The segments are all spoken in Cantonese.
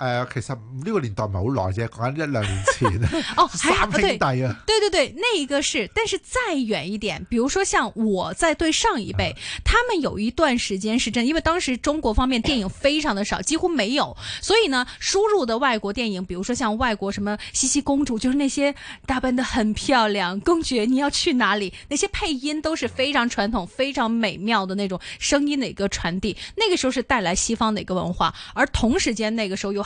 誒、呃，其實呢個年代唔係好耐啫，講緊一兩年前。 哦，三兄大啊，對！對對對，那一個是，但是再遠一點，比如說像我在對上一輩，嗯、他們有一段時間是真的，因為當時中國方面電影非常的少，幾乎沒有，所以呢，輸入的外國電影，比如說像外國什麼《茜茜公主》，就是那些打扮的很漂亮，公爵你要去哪裡？那些配音都是非常傳統、非常美妙的那種聲音的一個傳遞。那個時候是帶來西方的一個文化，而同時間那個時候有。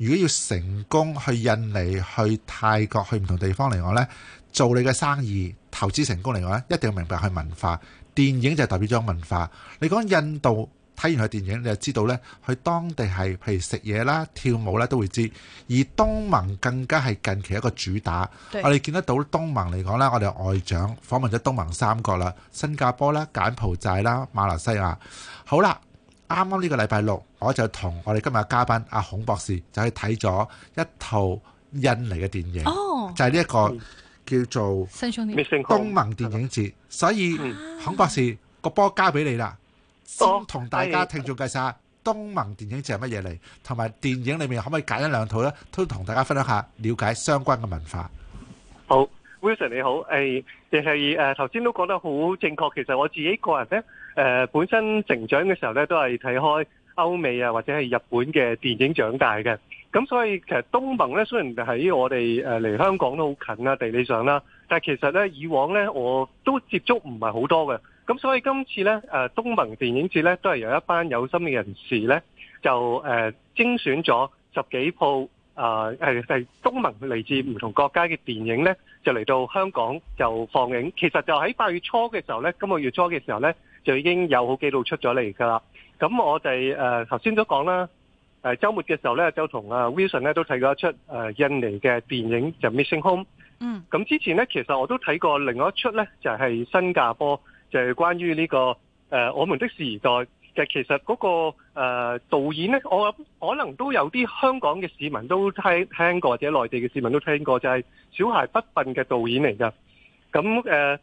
如果要成功去印尼、去泰國、去唔同地方嚟講呢，做你嘅生意、投資成功嚟講呢，一定要明白佢文化。電影就代表咗文化。你講印度睇完佢電影，你就知道呢，佢當地係譬如食嘢啦、跳舞啦都會知。而東盟更加係近期一個主打。對我哋見得到東盟嚟講呢，我哋外長訪問咗東盟三國啦，新加坡啦、柬埔寨啦、馬來西亞。好啦，啱啱呢個禮拜六。我就同我哋今日嘅嘉賓阿孔博士就去睇咗一套印尼嘅電影，就係呢一個叫做東盟電影節。所以孔博士個波交俾你啦，先同大家聽眾介紹下東盟電影節係乜嘢嚟，同埋電影裏面可唔可以揀一兩套呢，都同大家分享下了解相關嘅文化。好，Wilson，你好，誒亦係誒頭先都講得好正確。其實我自己個人呢，誒本身成長嘅時候呢都係睇開，歐美啊，或者係日本嘅電影長大嘅，咁所以其實東盟咧，雖然喺我哋誒嚟香港都好近啊，地理上啦、啊，但其實咧以往咧我都接觸唔係好多嘅，咁所以今次咧誒東盟電影節咧都係由一班有心嘅人士咧就誒、啊、精選咗十幾部啊誒係東盟嚟自唔同國家嘅電影咧就嚟到香港就放映，其實就喺八月初嘅時候咧，今個月初嘅時候咧就已經有好幾套出咗嚟㗎啦。咁我哋誒頭先都講啦，誒、呃、週末嘅時候咧就同啊 Wilson 咧都睇過一出誒、呃、印尼嘅電影就 Missing Home。嗯。咁之前咧其實我都睇過另外一出咧就係、是、新加坡，就係、是、關於呢、這個誒、呃、我們的時代嘅。其實嗰、那個誒、呃、導演咧，我可能都有啲香港嘅市民都聽聽過，或者內地嘅市民都聽過，就係、是、小孩不笨嘅導演嚟㗎。咁誒。呃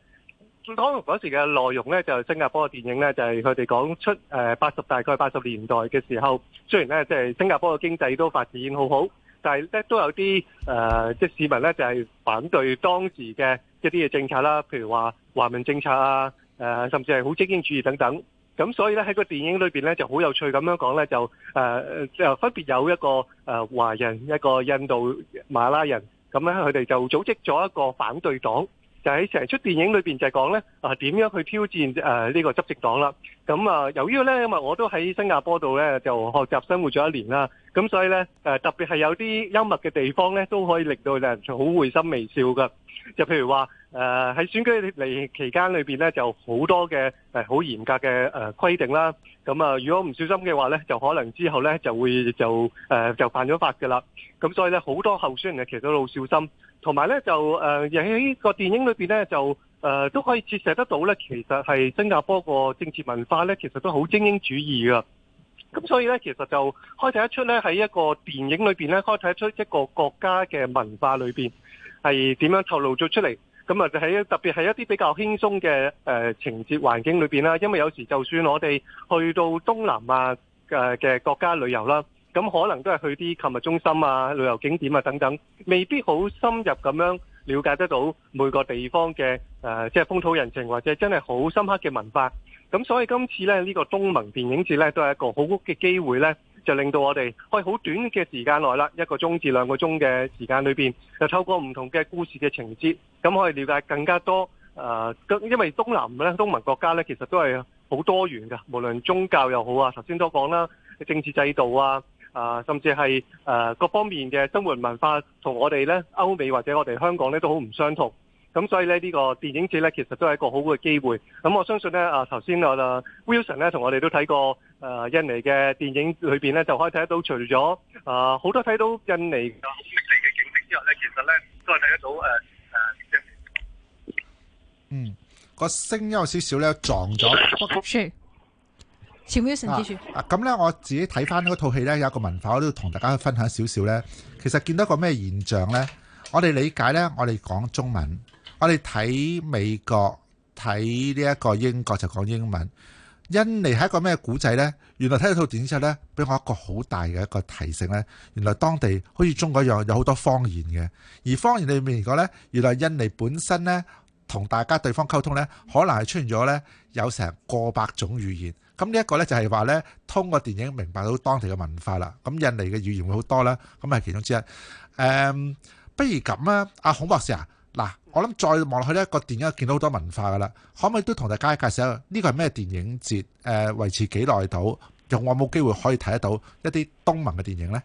講當時嘅內容咧，就新加坡嘅電影咧，就係佢哋講出誒八十大概八十年代嘅時候，雖然咧即係新加坡嘅經濟都發展好好，但係咧都有啲誒即係市民咧就係反對當時嘅一啲嘅政策啦，譬如話華人政策啊，誒甚至係好精英主義等等。咁所以咧喺個電影裏邊咧就好有趣咁樣講咧，就誒就分別有一個誒華人一個印度馬拉人，咁咧佢哋就組織咗一個反對黨。就喺成出電影裏面，就係講咧，啊點樣去挑戰呢、呃呢個執政黨啦？咁、嗯、啊，由於咧，因為我都喺新加坡度咧就學習生活咗一年啦，咁所以咧誒、呃、特別係有啲幽默嘅地方咧都可以令到人好會心微笑噶。就譬如話誒喺選舉嚟期間裏面咧就好多嘅好、呃、嚴格嘅、呃、規定啦。咁、嗯、啊，如果唔小心嘅話咧，就可能之後咧就會就誒、呃、就犯咗法噶啦。咁所以咧好多候選人其實都好小心。同埋咧就誒喺、呃、個電影裏面咧就誒、呃、都可以折射得到咧，其實係新加坡個政治文化咧，其實都好精英主義㗎。咁所以咧，其實就開睇得出咧，喺一個電影裏邊咧，開睇得出一個國家嘅文化裏面係點樣透露咗出嚟。咁啊就喺特別係一啲比較輕鬆嘅誒、呃、情節環境裏面啦，因為有時就算我哋去到東南亞嘅嘅國家旅遊啦。咁可能都係去啲購物中心啊、旅遊景點啊等等，未必好深入咁樣了解得到每個地方嘅誒，即係風土人情或者真係好深刻嘅文化。咁所以今次呢呢、呢個東盟電影節呢，都係一個好嘅機會呢，就令到我哋可以好短嘅時間內啦，一個鐘至兩個鐘嘅時，時間裏面，就透過唔同嘅故事嘅情節，咁可以了解更加多誒、呃。因為東南咧，東盟國家呢，其實都係好多元㗎，無論宗教又好啊，頭先都講啦，政治制度啊。啊，甚至係誒、呃、各方面嘅生活文化，同我哋咧歐美或者我哋香港咧都好唔相同。咁所以咧呢、呢個電影節咧，其實都係一個好好嘅機會。咁、啊、我相信咧，啊頭先、呃、我哋 Wilson 咧，同我哋都睇過誒印尼嘅電影裏邊咧，就可以睇得到除咗啊好多睇到印尼嘅好美麗嘅景色之外咧，其實咧都係睇得到誒誒。呃、嗯，個聲、嗯嗯、音有少少咧撞咗。嗯撞咗。啊，咁、啊、咧我自己睇翻嗰套戲呢，有一個文化我都同大家分享少少呢，其實見到一個咩現象呢？我哋理解呢，我哋講中文，我哋睇美國、睇呢一個英國就講英文。印尼係一個咩古仔呢？原來睇到套電視劇呢，俾我一個好大嘅一個提醒呢，原來當地好似中國一樣，有好多方言嘅。而方言裏面嚟講呢，原來印尼本身呢，同大家對方溝通呢，可能係出現咗呢，有成過百種語言。咁呢一個呢就係話呢，通過電影明白到當地嘅文化啦。咁印尼嘅語言會好多啦，咁係其中之一。誒，不如咁啊，阿孔博士啊，嗱，我諗再望落去呢個電影見到好多文化噶啦，可唔可以都同大家介紹下呢個係咩電影節？誒，維持幾耐到，仲有冇機會可以睇得到一啲東盟嘅電影呢？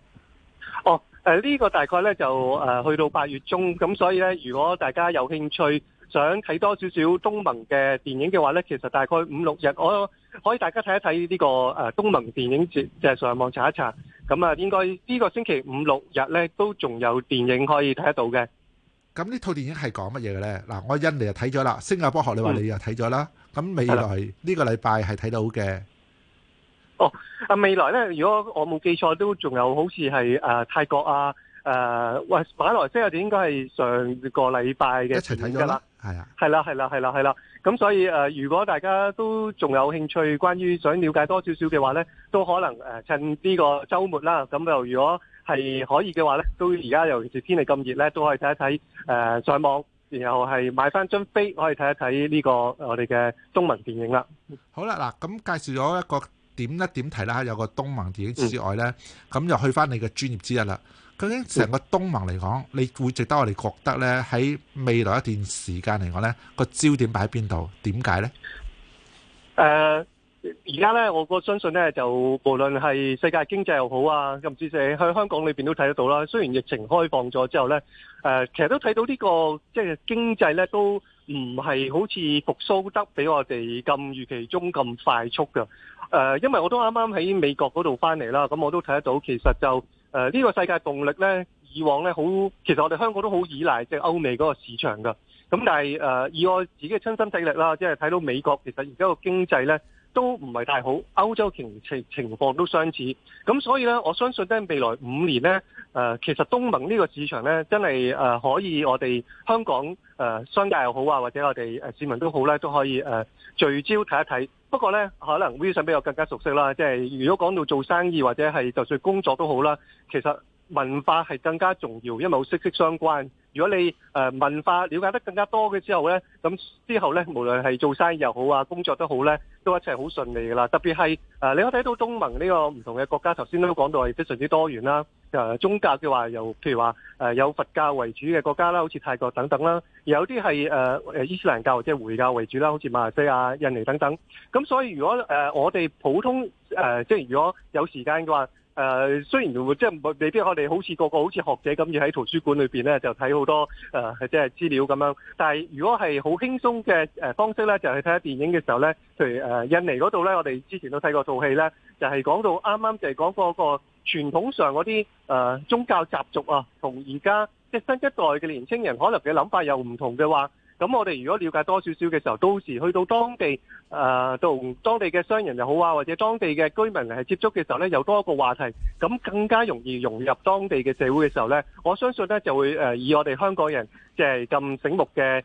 哦，誒，呢個大概呢就誒去到八月中咁，所以呢，如果大家有興趣想睇多少少東盟嘅電影嘅話呢，其實大概五六日我。可以大家睇一睇呢個誒東盟電影節，就係、是、上網查一查。咁啊應該呢個星期五六日咧都仲有電影可以睇得到嘅。咁呢套電影係講乜嘢嘅咧？嗱，我印尼就睇咗啦，新加坡學你話你又睇咗啦。咁未來呢個禮拜係睇到嘅。哦，啊未來咧，如果我冇記錯，都仲有好似係誒泰國啊，誒、呃、或馬來西亞，就應該係上個禮拜嘅。一齊睇咗啦。係啊，係啦，係啦，係啦，係啦。咁所以誒，如果大家都仲有興趣，關於想了解多少少嘅話咧，都可能誒趁呢個週末啦。咁又如果係可以嘅話咧，都而家尤其是天氣咁熱咧，都可以睇一睇誒上網，然後係買翻張飛可以睇一睇呢個我哋嘅中文電影啦。好啦，嗱咁介紹咗一個。點咧？點睇啦？有個東盟電影之外呢，咁又去翻你嘅專業之一啦。究竟成個東盟嚟講，你會值得我哋覺得呢？喺未來一段時間嚟講呢，個焦點擺喺邊度？點解呢？誒、呃，而家呢，我相信呢，就無論係世界經濟又好啊，甚至係喺香港裏邊都睇得到啦。雖然疫情開放咗之後呢，誒、呃，其實都睇到呢、這個即係、就是、經濟呢，都唔係好似復甦得比我哋咁預期中咁快速嘅。誒，因為我都啱啱喺美國嗰度翻嚟啦，咁我都睇得到，其實就誒呢、呃這個世界動力呢，以往呢好，其實我哋香港都好依賴隻歐美嗰個市場㗎，咁但係誒、呃、以我自己嘅親身經歷啦，即係睇到美國其實而家個經濟呢，都唔係太好，歐洲情情情況都相似，咁所以呢，我相信咧未來五年呢，誒、呃、其實東盟呢個市場呢，真係誒、呃、可以我哋香港誒、呃、商界又好啊，或者我哋市民都好呢，都可以誒、呃、聚焦睇一睇。不過呢，可能 Vinson 比較更加熟悉啦，即係如果講到做生意或者係就算工作都好啦，其實文化係更加重要，因為好息息相關。如果你誒文化了解得更加多嘅之後呢，咁之後呢，無論係做生意又好啊，工作都好呢，都一齊好順利噶啦。特別係誒，你可以睇到東盟呢個唔同嘅國家，頭先都講到係非常之多元啦。誒宗教嘅話，又譬如話誒有佛教為主嘅國家啦，好似泰國等等啦；有啲係誒伊斯蘭教或者回教為主啦，好似馬來西亞、印尼等等。咁所以如果誒我哋普通誒，即係如果有時間嘅話，誒、呃、雖然即係未必我哋好似個個好似學者咁要喺圖書館裏面咧就睇好多誒即係資料咁樣，但係如果係好輕鬆嘅方式咧，就係睇下電影嘅時候咧，譬如誒印尼嗰度咧，我哋之前都睇過套戲咧，就係、是、講到啱啱就係講嗰、那個傳統上嗰啲誒宗教習俗啊，同而家即係新一代嘅年青人可能嘅諗法又唔同嘅話。咁我哋如果了解多少少嘅時候，到時去到當地誒同、呃、當地嘅商人又好啊，或者當地嘅居民嚟係接觸嘅時候呢，有多一個話題，咁更加容易融入當地嘅社會嘅時候呢，我相信呢就會誒以我哋香港人即係咁醒目嘅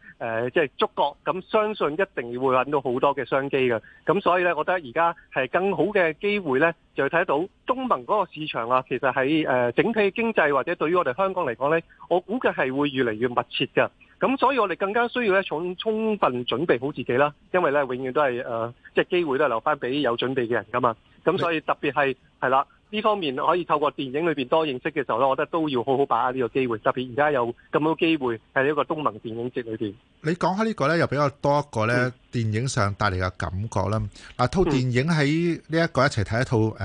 即係觸覺，咁相信一定要會揾到好多嘅商機嘅。咁所以呢，我覺得而家係更好嘅機會呢，就睇到東盟嗰個市場啊，其實喺整體經濟或者對於我哋香港嚟講呢，我估計係會越嚟越密切嘅。咁所以，我哋更加需要咧，充充分準備好自己啦。因為咧，永遠都係誒，即係機會都係留翻俾有準備嘅人噶嘛。咁所以特別係係啦，呢方面可以透過電影裏邊多認識嘅時候咧，我覺得都要好好把握呢個機會。特別而家有咁多機會喺一個東盟電影節裏邊。你講開呢個咧，又比較多一個咧，電影上帶嚟嘅感覺啦。嗱，套電影喺呢一個一齊睇一套誒，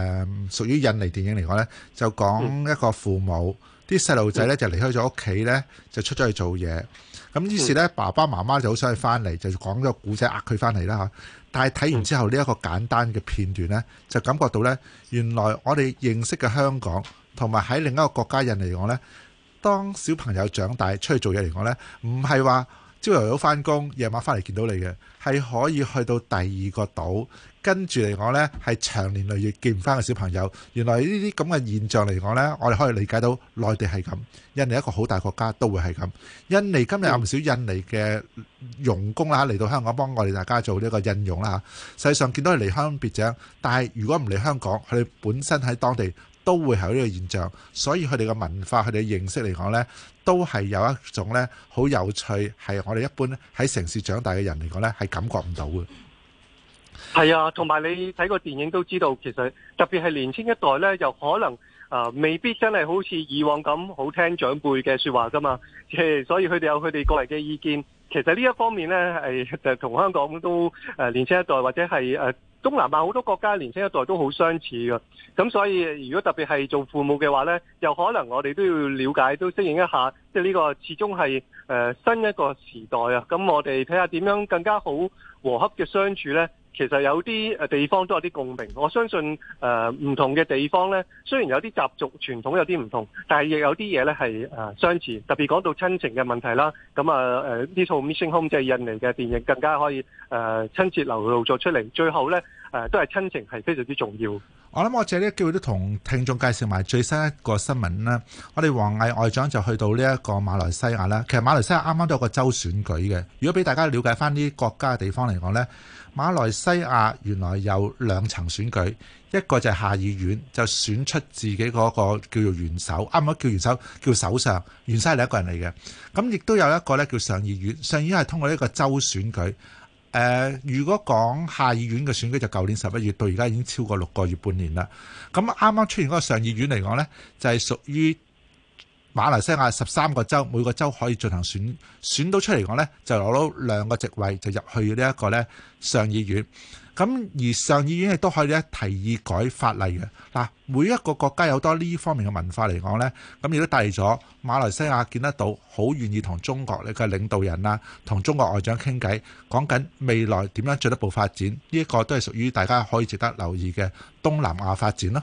屬於印尼電影嚟講咧，就講一個父母啲細路仔咧就離開咗屋企咧，就出咗去做嘢。咁於是咧，爸爸媽媽就好想去翻嚟，就講咗個古仔呃佢翻嚟啦吓。但係睇完之後呢一個簡單嘅片段咧，就感覺到咧，原來我哋認識嘅香港同埋喺另一個國家印尼嚟講咧，當小朋友長大出去做嘢嚟講咧，唔係話。朝頭早返工，夜晚返嚟見到你嘅，係可以去到第二個島。跟住嚟講呢，係長年累月見唔返個小朋友。原來呢啲咁嘅現象嚟講呢，我哋可以理解到內地係咁。印尼一個好大國家都會係咁。印尼今日有唔少印尼嘅傭工啦，嚟到香港幫我哋大家做呢個印傭啦。嚇，實際上見到佢離鄉別井，但係如果唔嚟香港，佢哋本身喺當地，都會係呢個現象，所以佢哋嘅文化、佢哋嘅認識嚟講呢，都係有一種呢好有趣，係我哋一般喺城市長大嘅人嚟講呢，係感覺唔到嘅。係啊，同埋你睇個電影都知道，其實特別係年青一代呢，又可能啊、呃、未必真係好似以往咁好聽長輩嘅説話噶嘛，即係所以佢哋有佢哋過嚟嘅意見。其實呢一方面呢，係、哎、就同香港都誒、呃、年青一代或者係誒。呃東南亞好多國家年輕一代都好相似㗎，咁所以如果特別係做父母嘅話呢，又可能我哋都要了解，都適應一下，即係呢個始終係誒、呃、新一個時代啊！咁我哋睇下點樣更加好和洽嘅相處呢？其實有啲誒地方都有啲共鳴，我相信誒唔、呃、同嘅地方呢，雖然有啲習俗傳統有啲唔同，但係亦有啲嘢呢係誒、呃、相似，特別講到親情嘅問題啦。咁啊誒呢套 Mission Home 即係印尼嘅電影，更加可以誒、呃、親切流露咗出嚟。最後呢，誒、呃、都係親情係非常之重要。我諗我借呢個機會都同聽眾介紹埋最新一個新聞啦。我哋王毅外長就去到呢一個馬來西亞啦。其實馬來西亞啱啱都有個州選舉嘅。如果俾大家了解翻啲國家嘅地方嚟講呢，馬來西亞原來有兩層選舉，一個就係下議院，就選出自己嗰個叫做元首，啱啱叫元首叫首相，元首係另一個人嚟嘅。咁亦都有一個呢，叫上議院，上議院係通過呢個州選舉。誒、呃，如果講下議院嘅選舉就舊年十一月到而家已經超過六個月半年啦，咁啱啱出現嗰個上議院嚟講呢，就係屬於。馬來西亞十三個州每個州可以進行選選到出嚟講呢，就攞到兩個席位就入去呢一個呢上議院。咁而上議院亦都可以咧提議改法例嘅。嗱，每一個國家有多呢方面嘅文化嚟講呢，咁亦都帶嚟咗馬來西亞見得到好願意同中國呢嘅領導人啦，同中國外長傾偈，講緊未來點樣進一步發展。呢一個都係屬於大家可以值得留意嘅東南亞發展咯。